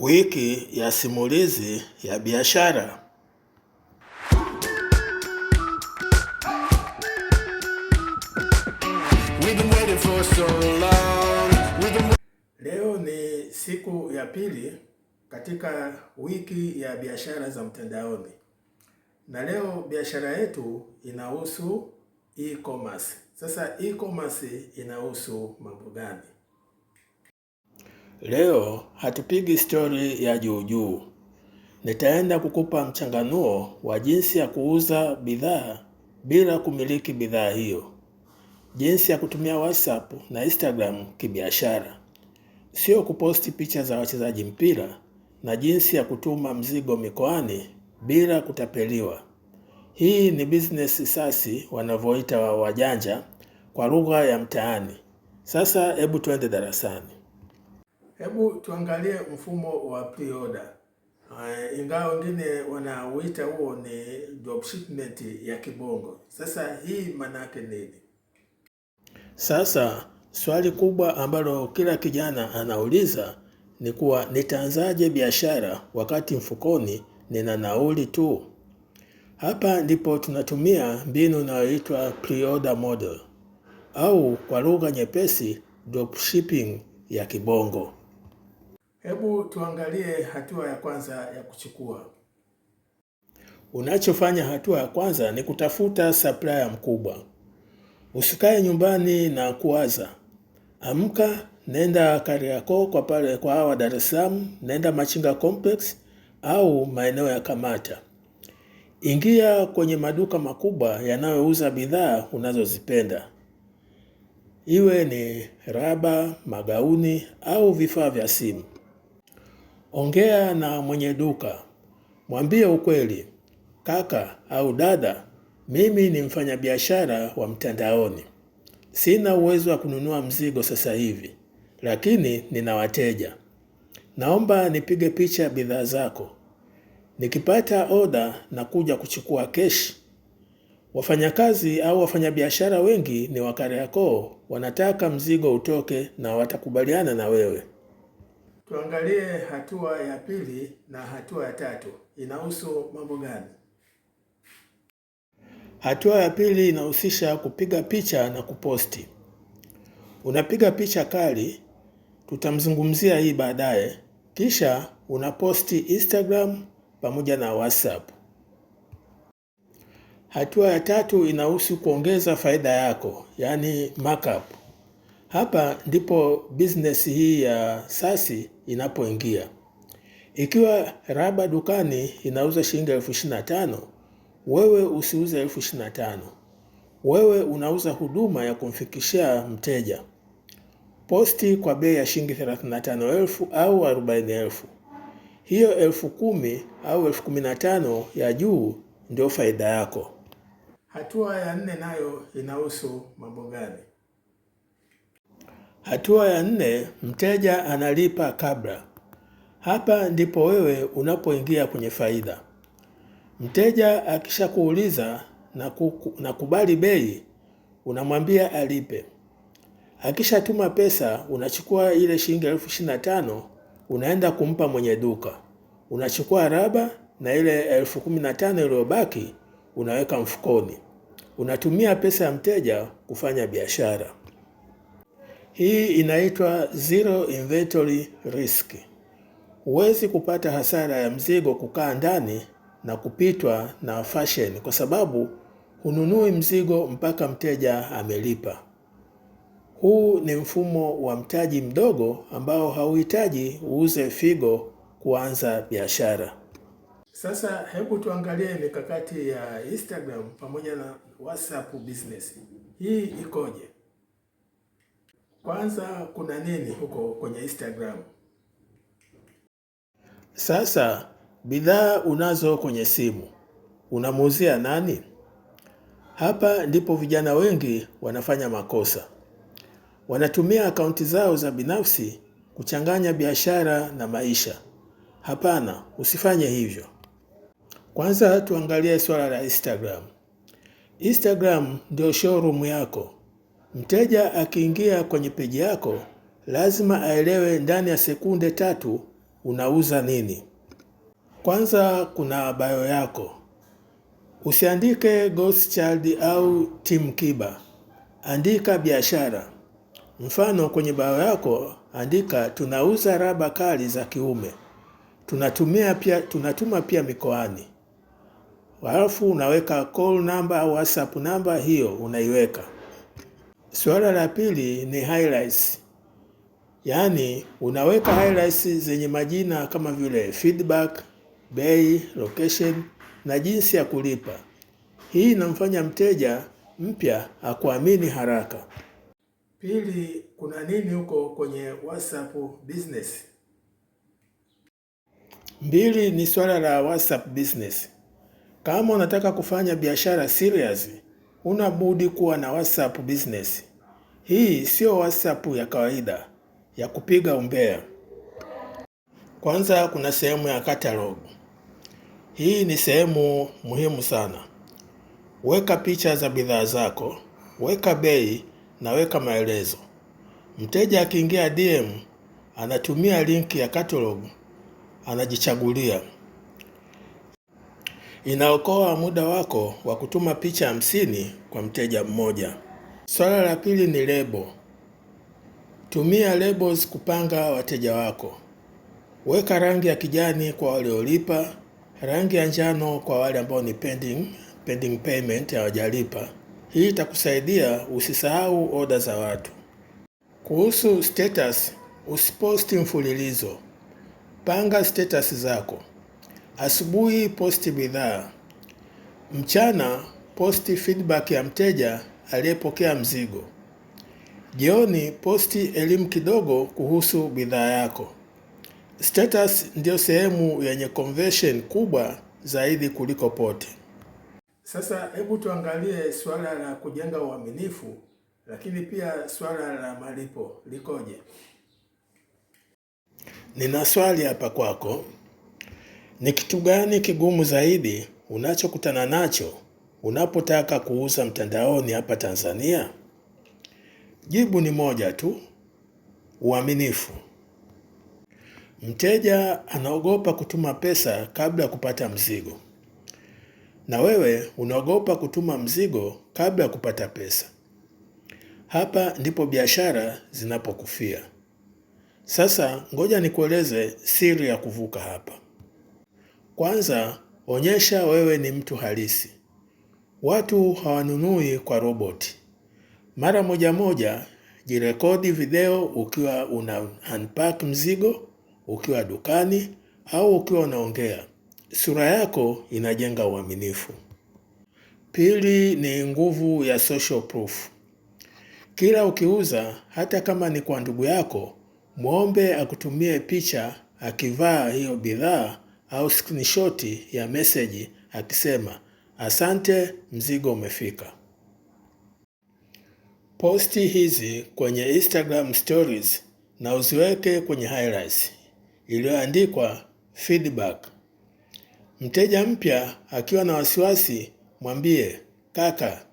Wiki ya simulizi ya biashara. Leo ni siku ya pili katika wiki ya biashara za mtandaoni, na leo biashara yetu inahusu e-commerce. Sasa e-commerce inahusu mambo gani? Leo hatupigi stori ya juujuu. Nitaenda kukupa mchanganuo wa jinsi ya kuuza bidhaa bila kumiliki bidhaa hiyo, jinsi ya kutumia WhatsApp na Instagram kibiashara, sio kuposti picha za wachezaji mpira, na jinsi ya kutuma mzigo mikoani bila kutapeliwa. Hii ni business sasi wanavyoita wa wajanja kwa lugha ya mtaani. Sasa hebu twende darasani. Hebu tuangalie mfumo wa pre-order. Uh, ingawa wengine wanauita huo ni shipment ya kibongo. Sasa hii maana yake nini? Sasa swali kubwa ambalo kila kijana anauliza ni kuwa nitaanzaje biashara wakati mfukoni nina nauli tu? Hapa ndipo tunatumia mbinu inayoitwa pre-order model au kwa lugha nyepesi shipping ya kibongo. Hebu tuangalie hatua ya kwanza ya kuchukua. Unachofanya hatua ya kwanza ni kutafuta supplier mkubwa. Usikae nyumbani na kuwaza. Amka, nenda Kariakoo kwa pale kwa hawa Dar es Salaam, nenda Machinga Complex au maeneo ya Kamata. Ingia kwenye maduka makubwa yanayouza bidhaa unazozipenda, iwe ni raba, magauni au vifaa vya simu. Ongea na mwenye duka, mwambie ukweli, kaka au dada, mimi ni mfanyabiashara wa mtandaoni, sina uwezo wa kununua mzigo sasa hivi, lakini nina wateja. Naomba nipige picha bidhaa zako, nikipata oda na kuja kuchukua keshi. Wafanyakazi au wafanyabiashara wengi ni wa Kariakoo, wanataka mzigo utoke na watakubaliana na wewe. Tuangalie hatua ya pili na hatua ya tatu inahusu mambo gani? Hatua ya pili inahusisha kupiga picha na kuposti. Unapiga picha kali, tutamzungumzia hii baadaye, kisha unaposti Instagram pamoja na WhatsApp. Hatua ya tatu inahusu kuongeza faida yako, yaani markup. Hapa ndipo business hii ya sasi inapoingia. Ikiwa raba dukani inauza shilingi elfu ishirini na tano wewe usiuze elfu ishirini na tano Wewe unauza huduma ya kumfikishia mteja posti kwa bei ya shilingi thelathini na tano elfu au arobaini elfu Hiyo elfu kumi au elfu kumi na tano ya juu ndio faida yako. Hatua ya nne nayo inahusu mambo gani? Hatua ya nne, mteja analipa kabla. Hapa ndipo wewe unapoingia kwenye faida. Mteja akishakuuliza na, na kubali bei, unamwambia alipe. Akishatuma pesa, unachukua ile shilingi elfu ishirini na tano unaenda kumpa mwenye duka, unachukua raba na ile elfu kumi na tano iliyobaki unaweka mfukoni. Unatumia pesa ya mteja kufanya biashara. Hii inaitwa zero inventory risk. Huwezi kupata hasara ya mzigo kukaa ndani na kupitwa na fashion, kwa sababu hununui mzigo mpaka mteja amelipa. Huu ni mfumo wa mtaji mdogo ambao hauhitaji uuze figo kuanza biashara. Sasa hebu tuangalie mikakati ya Instagram pamoja na WhatsApp business. Hii ikoje? Kwanza kuna nini huko kwenye Instagram? Sasa bidhaa unazo kwenye simu unamuuzia nani? Hapa ndipo vijana wengi wanafanya makosa. Wanatumia akaunti zao za binafsi kuchanganya biashara na maisha. Hapana, usifanye hivyo. Kwanza tuangalie swala la Instagram. Instagram ndio showroom yako. Mteja akiingia kwenye peji yako lazima aelewe ndani ya sekunde tatu unauza nini. Kwanza kuna bio yako. Usiandike Ghostchild au Tim Kiba. Andika biashara. Mfano, kwenye bio yako andika tunauza raba kali za kiume. Tunatumia pia, tunatuma pia mikoani. Halafu unaweka call number au WhatsApp namba hiyo unaiweka. Suala la pili ni highlights, yaani unaweka highlights zenye majina kama vile feedback, bei, location na jinsi ya kulipa. Hii inamfanya mteja mpya akuamini haraka. Pili, kuna nini huko kwenye WhatsApp business? Mbili ni swala la WhatsApp business. Kama unataka kufanya biashara serious, huna budi kuwa na WhatsApp Business. Hii sio WhatsApp ya kawaida ya kupiga umbea. Kwanza kuna sehemu ya catalog. Hii ni sehemu muhimu sana. Weka picha za bidhaa zako, weka bei na weka maelezo. Mteja akiingia DM anatumia linki ya catalog, anajichagulia. Inaokoa muda wako wa kutuma picha hamsini kwa mteja mmoja. Swala la pili ni lebo. Tumia labels kupanga wateja wako. Weka rangi ya kijani kwa waliolipa, rangi ya njano kwa wale ambao ni pending, pending payment hawajalipa. Hii itakusaidia usisahau oda za watu. Kuhusu status, usiposti mfululizo. Panga status zako. Asubuhi posti bidhaa, mchana posti feedback ya mteja aliyepokea mzigo, jioni posti elimu kidogo kuhusu bidhaa yako. Status ndiyo sehemu yenye conversion kubwa zaidi kuliko pote. Sasa hebu tuangalie suala la kujenga uaminifu, lakini pia suala la malipo likoje? Nina swali hapa kwako. Ni kitu gani kigumu zaidi unachokutana nacho unapotaka kuuza mtandaoni hapa Tanzania? Jibu ni moja tu, uaminifu. Mteja anaogopa kutuma pesa kabla ya kupata mzigo, na wewe unaogopa kutuma mzigo kabla ya kupata pesa. Hapa ndipo biashara zinapokufia. Sasa ngoja nikueleze siri ya kuvuka hapa. Kwanza, onyesha wewe ni mtu halisi. Watu hawanunui kwa roboti. Mara moja moja, jirekodi video ukiwa una unpack mzigo, ukiwa dukani au ukiwa unaongea. Sura yako inajenga uaminifu. Pili ni nguvu ya social proof. Kila ukiuza, hata kama ni kwa ndugu yako, mwombe akutumie picha akivaa hiyo bidhaa au screenshot ya meseji akisema asante, mzigo umefika. Posti hizi kwenye Instagram stories na uziweke kwenye highlights iliyoandikwa feedback. Mteja mpya akiwa na wasiwasi, mwambie kaka,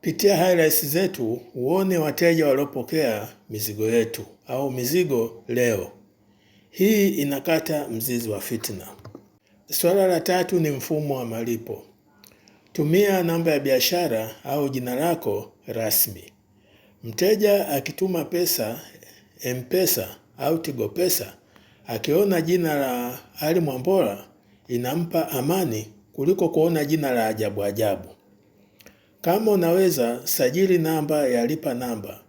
pitia highlights zetu uone wateja waliopokea mizigo yetu au mizigo leo. Hii inakata mzizi wa fitna. Swala la tatu ni mfumo wa malipo. Tumia namba ya biashara au jina lako rasmi. Mteja akituma pesa M-Pesa au Tigo Pesa, akiona jina la Ali Mwambola inampa amani kuliko kuona jina la ajabu ajabu. Kama unaweza, sajili namba ya lipa namba.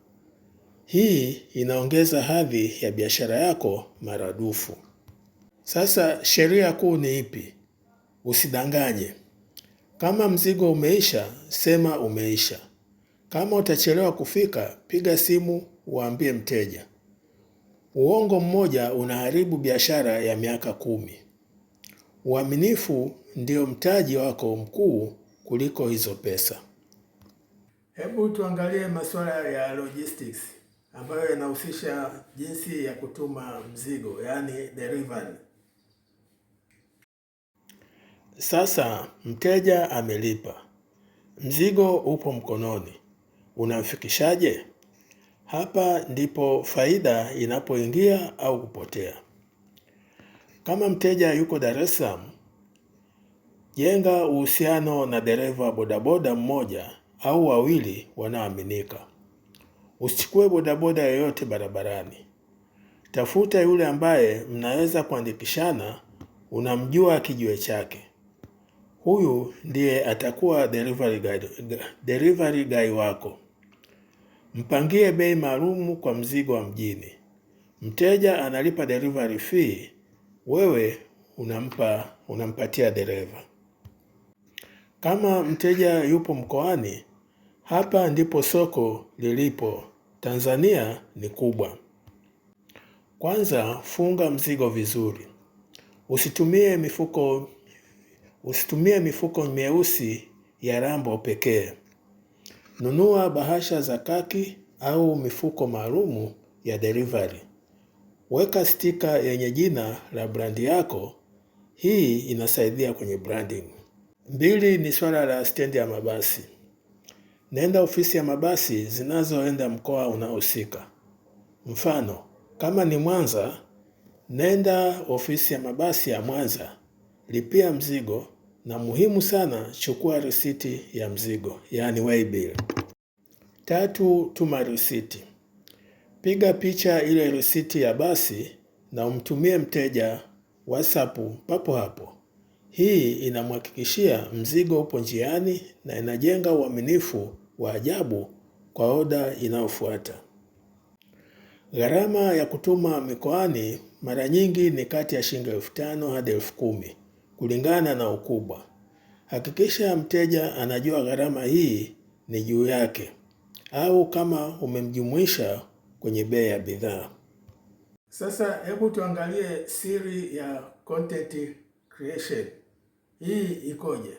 Hii inaongeza hadhi ya biashara yako maradufu. Sasa sheria kuu ni ipi? Usidanganye. Kama mzigo umeisha, sema umeisha. Kama utachelewa kufika, piga simu uambie mteja. Uongo mmoja unaharibu biashara ya miaka kumi. Uaminifu ndio mtaji wako mkuu kuliko hizo pesa. Hebu tuangalie masuala ya logistics ambayo yanahusisha jinsi ya kutuma mzigo, yaani delivery. Sasa mteja amelipa, mzigo upo mkononi, unamfikishaje? Hapa ndipo faida inapoingia au kupotea. Kama mteja yuko Dar es Salaam, jenga uhusiano na dereva bodaboda mmoja au wawili wanaoaminika. Usichukue bodaboda yoyote barabarani. Tafuta yule ambaye mnaweza kuandikishana, unamjua kijiwe chake. Huyu ndiye atakuwa delivery guy, delivery guy wako. Mpangie bei maalum kwa mzigo wa mjini. Mteja analipa delivery fee, wewe unampa unampatia dereva. Kama mteja yupo mkoani, hapa ndipo soko lilipo. Tanzania ni kubwa. Kwanza funga mzigo vizuri, usitumie mifuko Usitumie mifuko meusi ya rambo pekee. Nunua bahasha za kaki au mifuko maalumu ya delivery. Weka stika yenye jina la brandi yako. Hii inasaidia kwenye branding. Mbili ni swala la stendi ya mabasi. Nenda ofisi ya mabasi zinazoenda mkoa unaohusika. Mfano, kama ni Mwanza, nenda ofisi ya mabasi ya Mwanza lipia mzigo, na muhimu sana, chukua risiti ya mzigo, yaani waybill. Tatu, tuma risiti. Piga picha ile risiti ya basi na umtumie mteja WhatsApp papo hapo. Hii inamhakikishia mzigo upo njiani na inajenga uaminifu wa ajabu kwa oda inayofuata. Gharama ya kutuma mikoani mara nyingi ni kati ya shilingi elfu tano hadi elfu kumi kulingana na ukubwa. Hakikisha mteja anajua gharama hii ni juu yake au kama umemjumuisha kwenye bei ya bidhaa. Sasa hebu tuangalie siri ya content creation. Hii ikoje?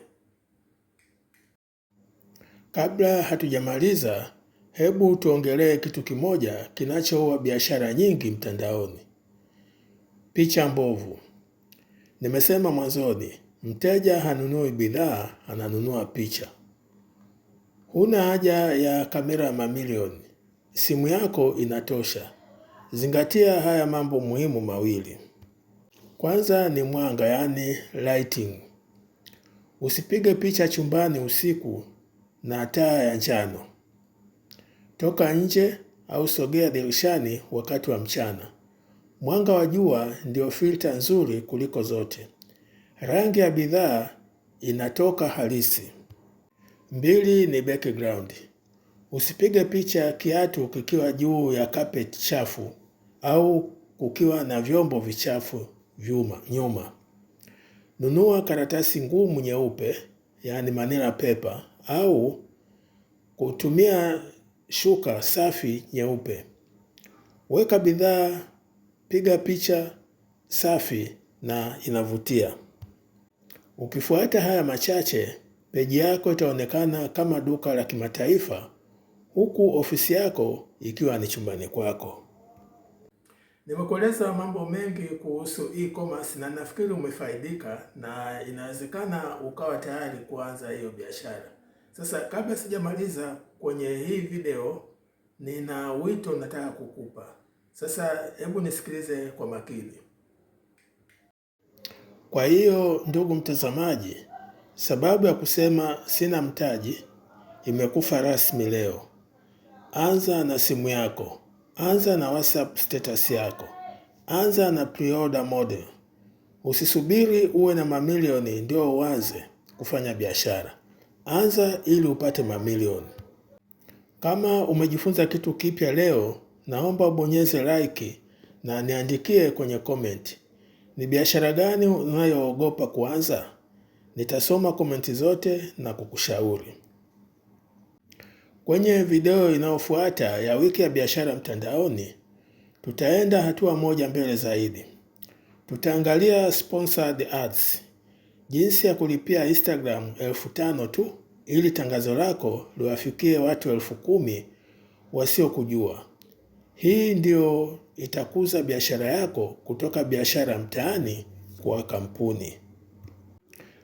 Kabla hatujamaliza, hebu tuongelee kitu kimoja kinachoua biashara nyingi mtandaoni. Picha mbovu. Nimesema mwanzoni, mteja hanunui bidhaa, ananunua picha. Huna haja ya kamera ya mamilioni, simu yako inatosha. Zingatia haya mambo muhimu mawili. Kwanza ni mwanga, yaani lighting. Usipige picha chumbani usiku na taa ya njano. Toka nje au sogea dirishani wakati wa mchana. Mwanga wa jua ndio filta nzuri kuliko zote. Rangi ya bidhaa inatoka halisi. Mbili ni background. Usipige picha kiatu kikiwa juu ya carpet chafu au kukiwa na vyombo vichafu vyuma nyuma. Nunua karatasi ngumu nyeupe, yaani manila paper, au kutumia shuka safi nyeupe. Weka bidhaa piga picha safi na inavutia. Ukifuata haya machache, peji yako itaonekana kama duka la kimataifa, huku ofisi yako ikiwa ni chumbani kwako. Nimekueleza mambo mengi kuhusu e-commerce na nafikiri umefaidika na inawezekana ukawa tayari kuanza hiyo biashara. Sasa kabla sijamaliza kwenye hii video, nina wito nataka kukupa. Sasa hebu nisikilize kwa makini. Kwa hiyo ndugu mtazamaji, sababu ya kusema sina mtaji imekufa rasmi leo. Anza na simu yako, anza na WhatsApp status yako, anza na pre-order model. Usisubiri uwe na mamilioni ndio uanze kufanya biashara. Anza ili upate mamilioni. Kama umejifunza kitu kipya leo naomba ubonyeze like na niandikie kwenye comment. Ni biashara gani unayoogopa kuanza? Nitasoma komenti zote na kukushauri. Kwenye video inayofuata ya wiki ya biashara mtandaoni, tutaenda hatua moja mbele zaidi. Tutaangalia sponsored ads, jinsi ya kulipia Instagram elfu tano tu ili tangazo lako liwafikie watu elfu kumi wasiokujua. Hii ndio itakuza biashara yako kutoka biashara mtaani kwa kampuni.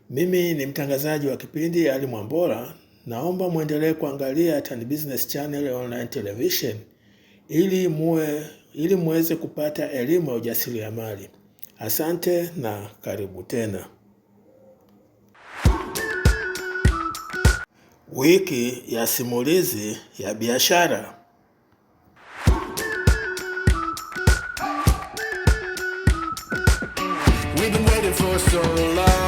Mimi ni mtangazaji wa kipindi Ali Mwambola. Naomba mwendelee kuangalia Tan Business Channel Online Television ili muwe ili muweze kupata elimu ya ujasiriamali. Asante na karibu tena. Wiki ya simulizi ya biashara. so long.